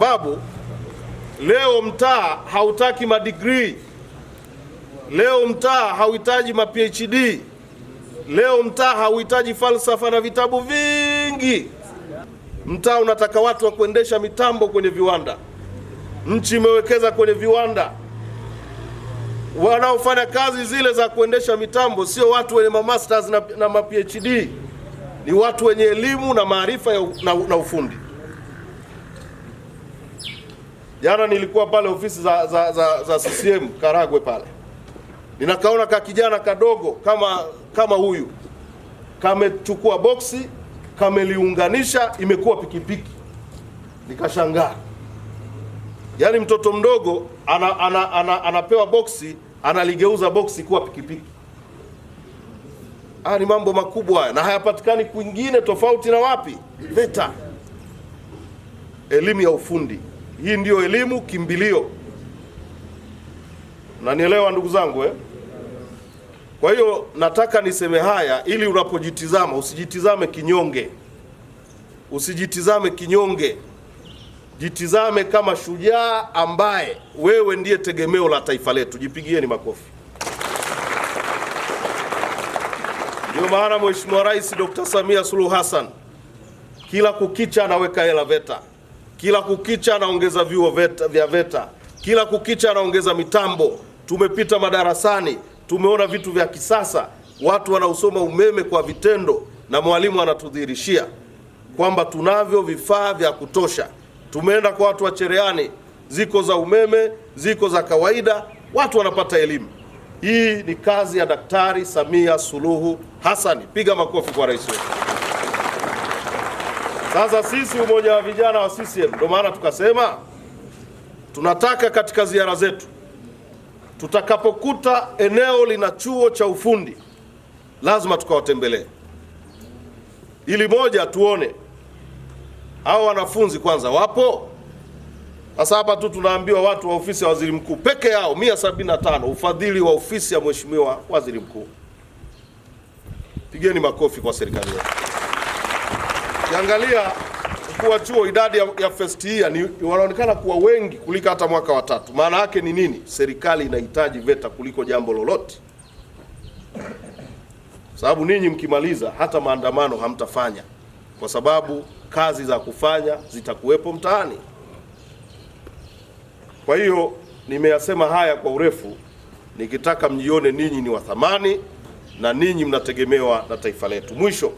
Sababu leo mtaa hautaki madigrii, leo mtaa hauhitaji ma PhD, leo mtaa hauhitaji falsafa na vitabu vingi. Mtaa unataka watu wa kuendesha mitambo kwenye viwanda. Nchi imewekeza kwenye viwanda, wanaofanya kazi zile za kuendesha mitambo sio watu wenye masters na, na ma PhD, ni watu wenye elimu na maarifa na, na ufundi. Jana nilikuwa pale ofisi za, za, za, za CCM Karagwe pale, ninakaona ka kijana kadogo kama kama huyu kamechukua boksi kameliunganisha, imekuwa pikipiki. Nikashangaa, yaani mtoto mdogo ana, ana, ana, anapewa boksi analigeuza boksi kuwa pikipiki. Ah, ni mambo makubwa haya na hayapatikani kwingine tofauti na wapi? VETA, elimu ya ufundi. Hii ndio elimu kimbilio, nanielewa ndugu zangu eh? Kwa hiyo nataka niseme haya ili unapojitizama usijitizame kinyonge, usijitizame kinyonge, jitizame kama shujaa ambaye wewe ndiye tegemeo la taifa letu. Jipigieni makofi. Ndio maana Mheshimiwa Rais Dr. Samia Suluhu Hassan kila kukicha anaweka hela VETA kila kukicha anaongeza vyuo vya VETA kila kukicha anaongeza mitambo. Tumepita madarasani, tumeona vitu vya kisasa, watu wanaosoma umeme kwa vitendo, na mwalimu anatudhihirishia kwamba tunavyo vifaa vya kutosha. Tumeenda kwa watu wa cherehani, ziko za umeme, ziko za kawaida, watu wanapata elimu. Hii ni kazi ya Daktari Samia Suluhu Hassan. Piga makofi kwa rais wetu. Sasa sisi umoja wa vijana wa CCM ndio maana tukasema tunataka katika ziara zetu tutakapokuta eneo lina chuo cha ufundi lazima tukawatembelee, ili moja tuone hao wanafunzi kwanza wapo. Sasa hapa tu tunaambiwa watu wa ofisi ya waziri mkuu peke yao 175 ufadhili wa ofisi ya mheshimiwa waziri mkuu. Pigeni makofi kwa serikali yetu. Ukiangalia mkuu wa chuo, idadi ya, ya first year ni wanaonekana kuwa wengi kuliko hata mwaka wa tatu. Maana yake ni nini? Serikali inahitaji VETA kuliko jambo lolote, sababu ninyi mkimaliza hata maandamano hamtafanya, kwa sababu kazi za kufanya zitakuwepo mtaani. Kwa hiyo nimeyasema haya kwa urefu nikitaka mjione ninyi ni wa thamani na ninyi mnategemewa na taifa letu. Mwisho